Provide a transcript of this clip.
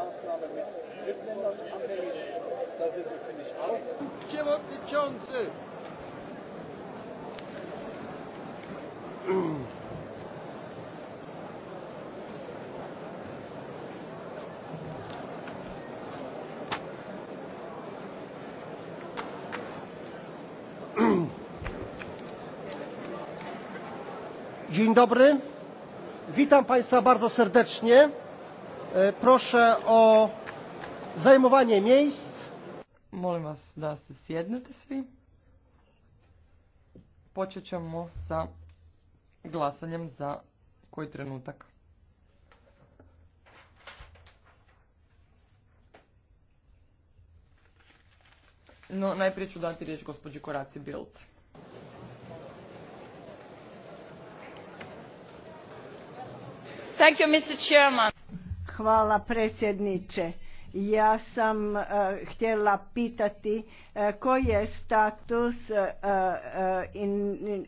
Maßnahme mit Drittländern abhängig. Da sind wir, finde ich, auch. Johnson. Dzień dobry. Witam Państwa bardzo serdecznie. E, proszę o zajmowanie miejsc. Molim vas da se sjednete svi. Počet ćemo sa glasanjem za koji trenutak. No, najprije ću dati riječ gospođi Koraci Bild. Thank you, Mr. Chairman. Hvala predsjedniče. Ja sam eh, htjela pitati eh, koji je status eh, in,